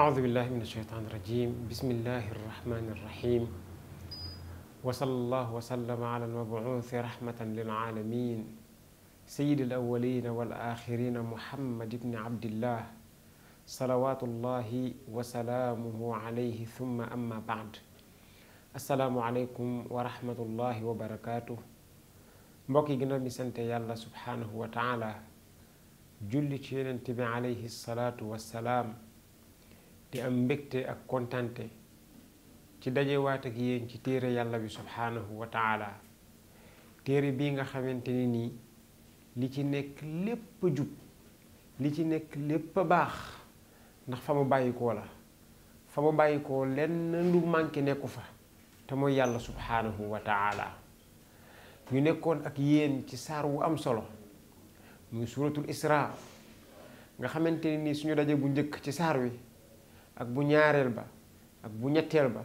أعوذ بالله من الشيطان الرجيم بسم الله الرحمن الرحيم وصلى الله وسلم على المبعوث رحمة للعالمين سيد الأولين والآخرين محمد بن عبد الله صلوات الله وسلامه عليه ثم أما بعد السلام عليكم ورحمة الله وبركاته مبكي yi ginnaaw bi سبحانه وتعالى جل wa taala julli ci yonent di am mbégte ak kontante ci dajewaat ak yéen ci téere yàlla bi subhaanahu wa taala téere bii nga xamante ni nii li ci nekk lépp jub li ci nekk lépp a baax ndax fa mu bàyyikoo la fa mu bàyyikoo lenn lu manqué nekku fa te mooy yàlla subhaanahu wa taala ñu nekkoon ak yéen ci saar wu am solo muy suuratul isra nga xamante ni nii suñu daje bu njëkk ci saar wi ak bu ñaareel ba ak bu ñetteel ba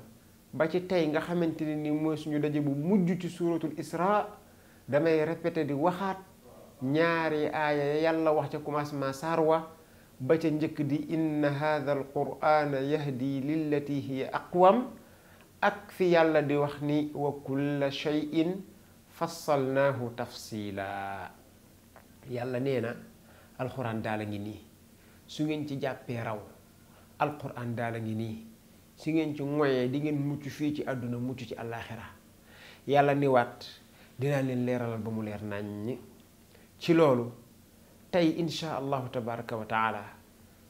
ba ci tey nga xamante ne ni mooy suñu daje bu mujj ci suuratul isra damay répété di waxaat ñaari aaya yàlla wax ca commencement saar wa ba ca njëkk di inna hadha al qurana yahdi lillati hiya aqwam ak fi yàlla di wax ni wa kulla shay'in fassalnaahu tafsila yàlla nee na alxuraan daal a ngi nii su ngeen ci jàppee raw alquran daal a ngi nii si ngeen ci moyee di ngeen mucc fii ci àdduna mucc ci àllaaxira yàlla niwaat dinaa leen leeralal ba mu leer naññ ci loolu tey insha allahu tabaraka wa taala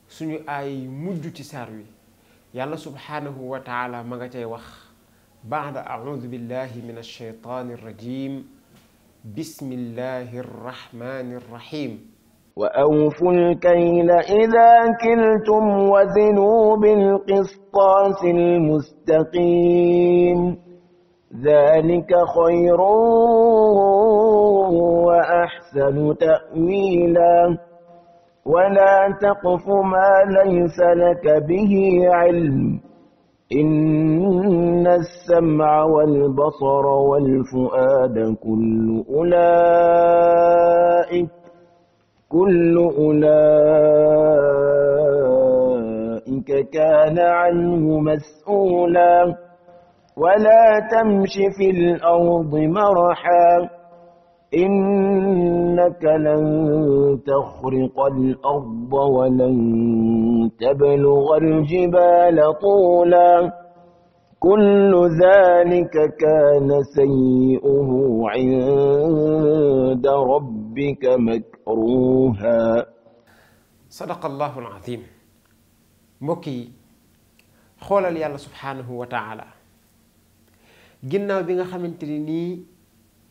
suñu ay mujj ci saar wi yàlla subhaanahu wa taala ma nga cay wax baada audu billahi min alsheytaani arrajim bismillahi arrahmani arrahim وأوفوا الكيل إذا كلتم وزنوا بالقسطاس المستقيم ذلك خير وأحسن تأويلا ولا تقف ما ليس لك به علم إن السمع والبصر والفؤاد كل أولئك كل أولئك كان عنه مسؤولا ولا تمش في الأرض مرحا إنك لن تخرق الأرض ولن تبلغ الجبال طولا كل ذلك كان سيئه عند ربك مكروها صدق الله العظيم موكي خولال يالله سبحانه وتعالى جناو بيغا خامتيني ني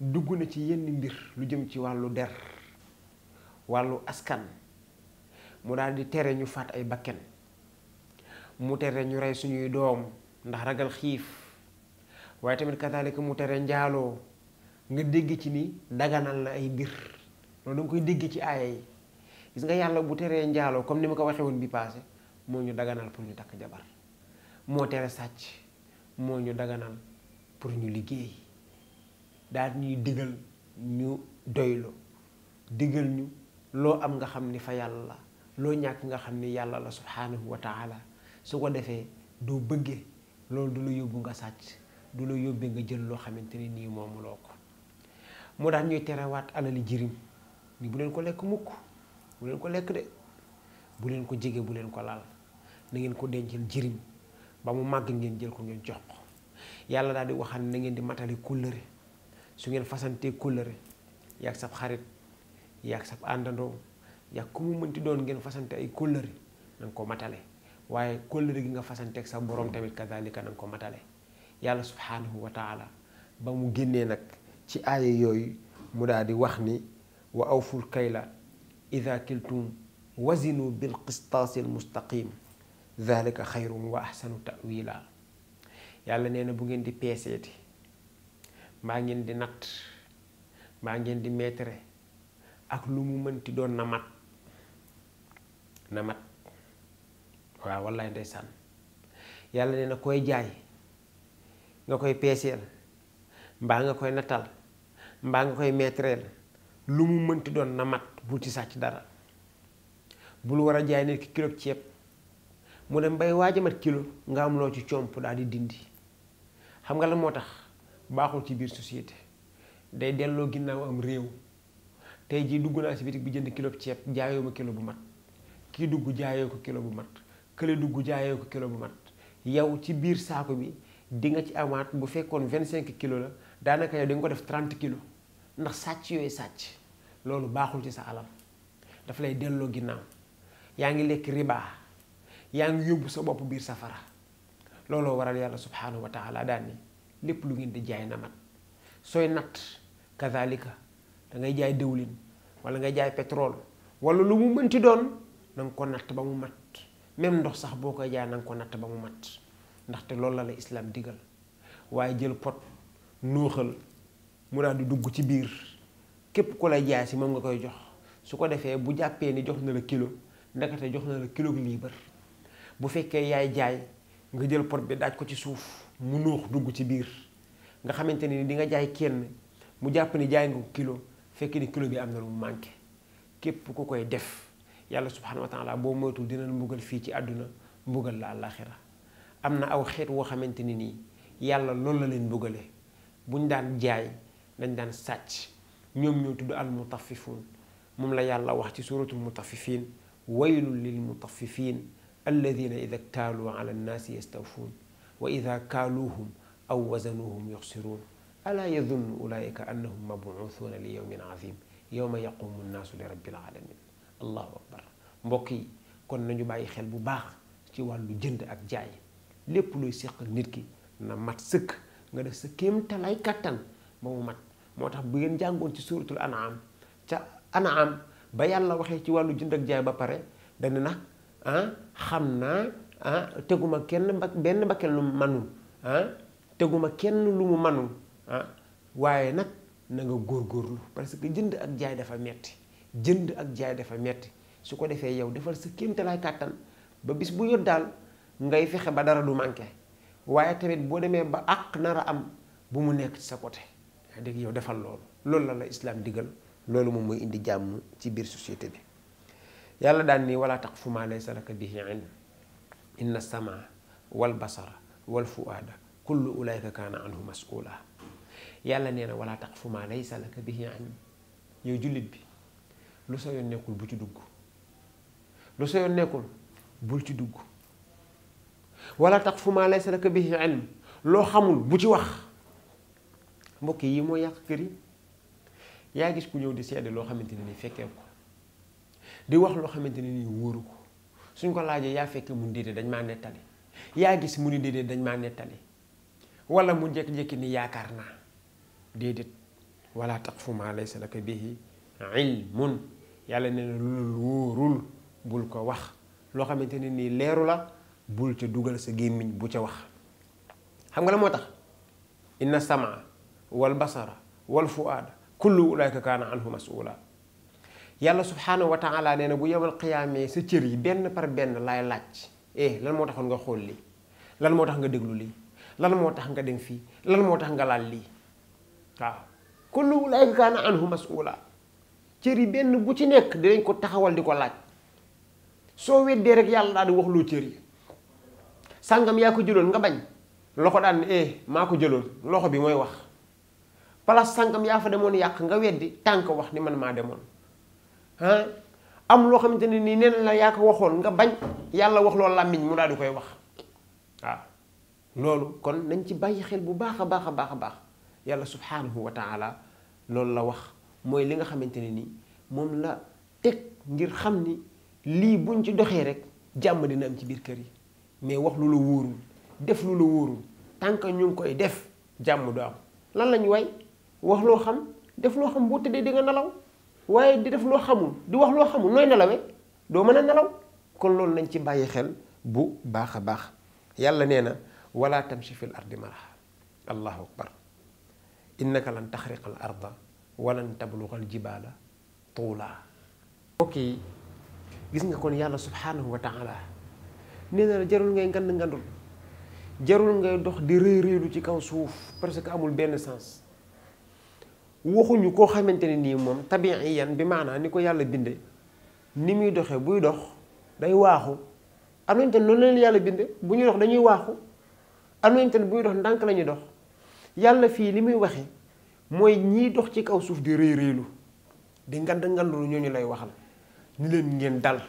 دغنا سي يين مير لو جيم سي والو در والو اسكان مو دال دي تيري ني فات اي باكن مو تيري ني ري سونيي دوم ndax ragal xiif waaye tamit kazaalika mu tere njaaloo nga dégg ci ni daganal na ay mbir loolu da koy dégg ci aaya yi gis nga yàlla bu teree njaaloo comme ni ma ko waxee woon bi passé moo ñu daganal pour ñu takk jabar moo tere sàcc moo ñu daganal pour ñu liggéey daal ñuy digal ñu doylu digal ñu loo am nga xam ni fa yàlla loo ñàkk nga xam ni yàlla la subhanahu wa taala su ko defee doo bëggee loolu du la yóbbu nga sàcc du la yóbbee nga jël loo xamante ne nii moomuloo ko mu daan ñuy terewaat alali jirim ni bu leen ko lekk mukk bu leen ko lekk de bu leen ko jege bu leen ko laal na ngeen ko dencal jirim ba mu màgg ngeen jël ko ngeen jox ko yàlla daal di waxaan na ngeen di matali kóllëre su ngeen fasantee kóllëre yaag sab xarit yaag sab àndandoo yaag ku mu mënti doon ngeen fasante ay kóllëre na nga ko matale waye kóllëre rig nga ak sa borom tamit kazalika nang ko matale yàlla subhanahu wa taala ba mu génnee ci aaya yoy mu daal wax ni wa awful kayla ida kiltum wazinu bil qistas al mustaqim dhalika xayrun wa ahsanu tawila yàlla nee bu ngeen di peeseeti ma ngeen di nat ma ngeen di meetre ak lu mu mënti don na mat na mat wa wallahi ndeysaan san nee na koy jaay nga koy peeseel mba nga koy natal mba nga koy metrel lu mu buti doon na mat bu ci sacc dara bu lu wara jaay ne kilo ciep mu dem bay waji mat kilo nga am lo ci chomp di dindi xam nga la motax baxul ci bir société day delo ginnaw am rew tay ji duguna ci si bi jënd kilo ciep jaayoo ma kilo bu mat ki duggu jaayoo kilo bu mat kële dugg jaayee ko kilo bu mat yow ci bir saako bi di nga ci bu fekkoon 25 kilo la daanaka yow di nga ko def 30 kilo ndax sàcc yooyu sàcc loolu baaxul ci sa alal daf lay delloo ginnaaw yaa ngi lekk ribaa yaa sa bopp biir safara looloo waral yàlla subhanahu wa taala daan ni lépp lu ngeen di jaay na mat sooy kazalika da ngay jaay dëwlin wala nga jaay pétrole wala lu mu mënti doon na ko ba mu mat même ndox sax boo koy jaay na ko natt ba mu mat ndaxte loolu la la islaam diggal waaye jël pot nóoxal mu daal di dugg ci biir képp ku lay jaay si moom nga koy jox su ko defee bu jàppee ni jox na la kilo ndekete jox na la kilo liibar bu fekkee yaay jaay nga jël pot bi daaj ko ci suuf mu nóox dugg ci biir nga xamante ni di nga jaay kenn mu jàpp ni jaay nga ko kilo fekk ni kilo bi am na lu mu manqué képp ku koy def يالله سبحانه وتعالى بومو تودينا نبغل فيتي أدنى نبغل لا الآخرة أمنا أو خير وخمن تنيني يالله لولا لين بغله بندان جاي بندان ساتش نيوم نيوم تدو المطففون مملا يالله واحتي سورة المطففين ويل للمطففين الذين إذا اكتالوا على الناس يستوفون وإذا كالوهم أو وزنوهم يخسرون ألا يظن أولئك أنهم مبعوثون ليوم عظيم يوم يقوم الناس لرب العالمين allahu akbar mbokk yi kon nañu bàyyi xel bu baax ci wàllu jënd ak jaay lépp luy seqal nit ki na mat sëkk nga def sa kéemtalaay kàttan ba mu mat moo tax bu ngeen jàngoon ci suuratul anaam ca anaam ba yàlla waxee ci wàllu jënd ak jaay ba pare dana nag ah, xam naa ah, teguma kenn benn bakkel lu mu manul ah, teguma kenn lu mu manul waaye nag na nga góorlu parce que jënd ak jaay dafa metti jënd ak jaay dafa metti su ko defee yow defal sa kéemtalaay kàttan ba bis bu yot daal ngay fexe ba dara du manqué waaye tamit boo demee ba àq nar a am bu mu nekk ci sa côté yaa dégg yow defal loolu loolu la la islaam digal loolu moom mooy indi jàmm ci biir société bi yàlla daan ni wala taqfu maa laysa laka bihi ilm inna samaa wal basara wal fuaada kullu ulaika kaana anhu mas'ula yàlla nee na wala taqfu maa laysa laka bihi ilm yow jullit bi lu sa yoon nekkul bu ci dugg lu sa yoon nekkul bul ci dugg wala tax fu maa laysa laka bihi ilm loo xamul bu ci wax mbokk yi moo yàq kër yi yaa ku ñëw di seede loo xamante ne ni fekkee ko di wax loo xamante ni ni wóoru ko suñ ko laajee yaa fekkee mun déedéet dañ ma nettali yaa gis mu ni déedéet dañ maa nettali walla mu jékki-jékki ni yaakaar naa déedéet wala tax fu maa laysa laka bihi ilmun yàlla nee na lu wóorul bul ko wax loo xamante ne nii leeru la bul ca dugal sa gémmiñ bu ca wax xam nga la moo tax inna samaa wal basara wal fuaada kullu ulaayka kaana anhu masula yàlla subhaanahu wa taala nee na bu yowal xiyaamee sa cër yi benn par benn laay laaj eh, lan moo taxoon nga xool lii lan moo tax nga déglu lii lan moo tax nga dem fii lan moo tax nga laal lii waaw kullu ulaayka kaana anhu masula ciri benn bu ci nekk dinañ ko taxawal di laaj so wedde rek yalla daal di wax loo ciri sangam ya ko jëlon nga bañ loxo daan eh maa ko loxo bi moy wax place sangam ya fa demone yak nga weddi tank wax ni man ma demone ah am lo xamanteni ni neen la ya ko waxoon nga bañ yalla wax lo lamiñ mu daal dikoy wax waaw loolu kon nañ ci bayyi xel bu baakha baakha baakha a yalla subhanahu wa taala loolu la wax mooy li nga xamante ne ni moom la teg ngir xam ni lii buñ ci doxee rek jàmm dina am ci biir kër yi mais wax lu la wóorul def lu la wóorul tant que ñu ngi koy def jàmm du am lan lañ way wax loo xam def loo xam boo tëddee di nga nelaw waaye di def loo xamul di wax loo xamul nooy nelawee doo mën a nelaw kon loolu nañ ci bàyyi xel bu baax a baax yàlla nee na wala tamshi fil ardi maraha allahu akbar innaka lan taxriqa al arda walan tablughal jibala tula mbokk gis nga kon yalla subhanahu wa taala neena jarul ngay ngand ngandul jarul ngay dox di reey rëylu ci kaw suuf parce que amul ben sens waxuñu koo xamante ne nii moom tabiiyan bi maana ni ko yalla binde ni muy doxé buy dox day waxu am nañu non lañu yalla yàlla binde bu dox dañuy waxu am nañu buy dox ndank lañu dox yalla fi limuy muy Moy ñi dox ci kaw suuf di reey lu di ngand lu ñooñu lay waxal ni leen ngeen dal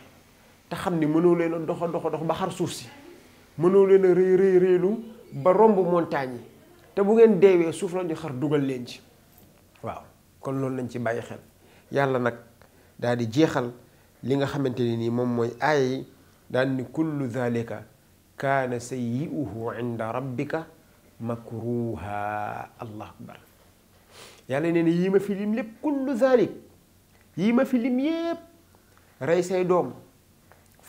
ta xamni ni leen dox dox dox ba xar suuf si mëno leen reey reey rëy rëylu ba romb montagne yi te bu ngeen deewé suuf la ñu xar dugal leen ci waaw kon loolu lañ ci bayyi xel yalla nak daal di jéxal li nga xamanteni ni mom moy mooy daal ni kullu zalika kana sayyi'uhu inda rabbika makruha allah akbar yàlla nee na yii ma fi lim lépp kullu zalik yii ma fi lim yépp rey say doom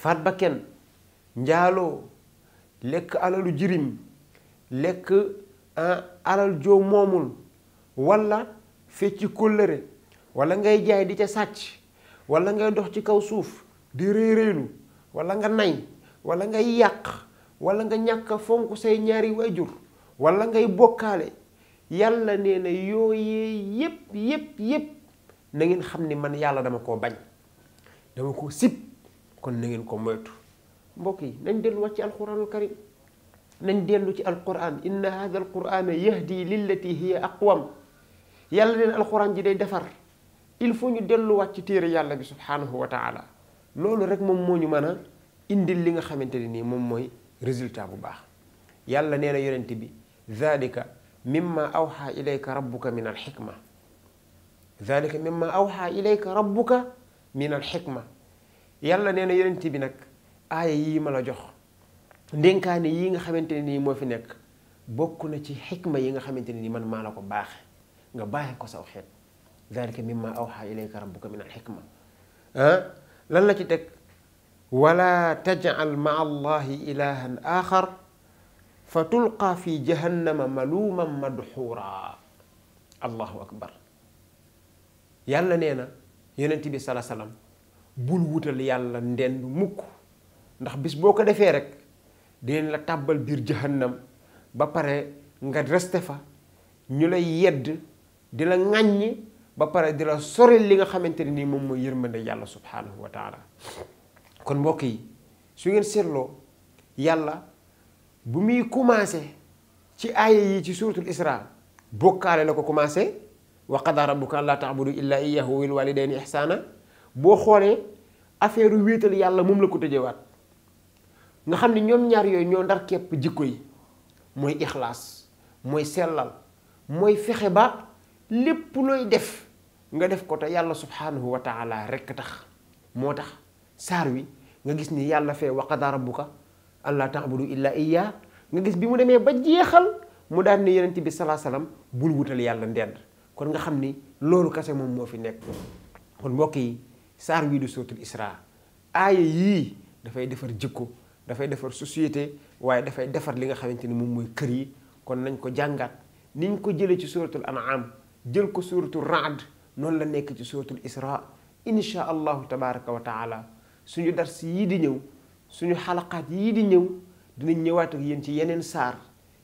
faat ba kenn njaaloo lekk alalu jirim lekk ah, alal joo moomul walla fecci kóllëre walla ngay jaay di ca sàcc walla ngay dox ci kaw suuf di rëy rëylu walla nga nay walla ngay yàq walla nga ñàkk fonk say ñaari waajur walla ngay bokkaale yàlla nee na yooyee yépp yépp yépp na ngeen xam ni man yàlla dama koo bañ dama ko sib kon na ngeen ko moytu mbokk yi nañ delluwaat ci alquranul karim nañ dellu ci alquran inna hada alqurana yahdi lillati hiya aqwam yàlla neen alquran ji day defar il faut ñu delluwaat ci téere yàlla bi subhanahu wa taala loolu rek moom moo ñu mën a indil li nga xamante ne nii moom mooy résultat bu baax yàlla nee na yonent bi zalika مما أوحى إليك ربك من الحكمة ذلك مما أوحى إليك ربك من الحكمة يلا نينا يرنتي بنك آية يما لجوخ دين كان ييغا خامتيني ني مو في نيك بوكو نتي حكمه ييغا خامتيني ني مان مالاكو باخ غا باخ كو ذلك مما اوحى اليك ربك من الحكمه ها لا لا تك ولا تجعل مع الله الها اخر fatulqa fi jahannama maluman madhura allahu akbar Yalla neena yonenti bi sallallahu alayhi wasallam bul wutal yalla ndend mukk ndax bis boko defé rek dinañ la tabal bir jahannam ba paré nga resté fa ñu lay yedd dila la ba paré dila sori li nga xamanteni ne nii moom subhanahu wa taala kon mbokk yi su ngeen yalla bu mi commencé ci aaya yi ci suratul isra bokale lako commencé wa qad rabbuka la ta'budu illa iyyahu wal walidayni ihsana bo xolé affaire wéetal yalla moom la ko wat nga xamni ñom ñaar yoy ñoo ndar kep jikko yi moy ikhlas moy selal moy fexe ba def nga def ko ta yalla subhanahu wa taala rek tax motax sar wi nga gis ni yalla fe wa qad rabbuka allah ta'budu illa iya nga gis bi mu demé ba salam mu daan ne yonent bi alayhi wasallam bul wutal yalla ndend kon nga xamni lolu kasse mom mo fi nek kon mbokk yi sar wi du sotul isra yi da fay defar jikko fay defar société da fay defar li nga xamanteni mom moy kër yi kon nañ ko jangat niñ ko jëlee ci suratul an'am jël ko suratul ra'd non la nek ci suratul isra insha allah tabaarak wa taala suñu dars yi di ñew suñu xalaqaat yii di ñëw dinañ ñëwaat ak yéen ci yeneen saar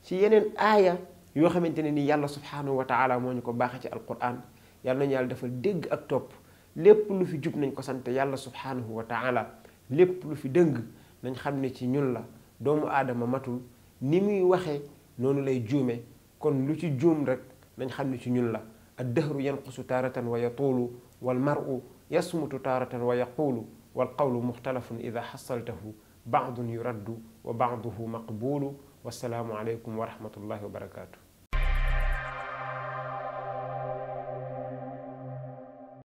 ci yeneen aaya yoo xamante ne ni yàlla subhaanahu wa taala moo ñu ko baax ci alquran yàlla nañu yàlla defal dégg ak topp lépp lu fi jub nañ ko sant yàlla subhaanahu wa taala lépp lu fi dëng nañ xam ne ci ñun la doomu aadama matul ni muy waxee noonu lay juume kon lu ci juum rek nañ xam ne ci ñun la ak ad dahru yanqusu taaratan wa yatuulu wal mar'u yasmutu taaratan wa yaquulu والقول مختلف إذا حصلته بعض يرد وبعضه مقبول والسلام عليكم ورحمة الله وبركاته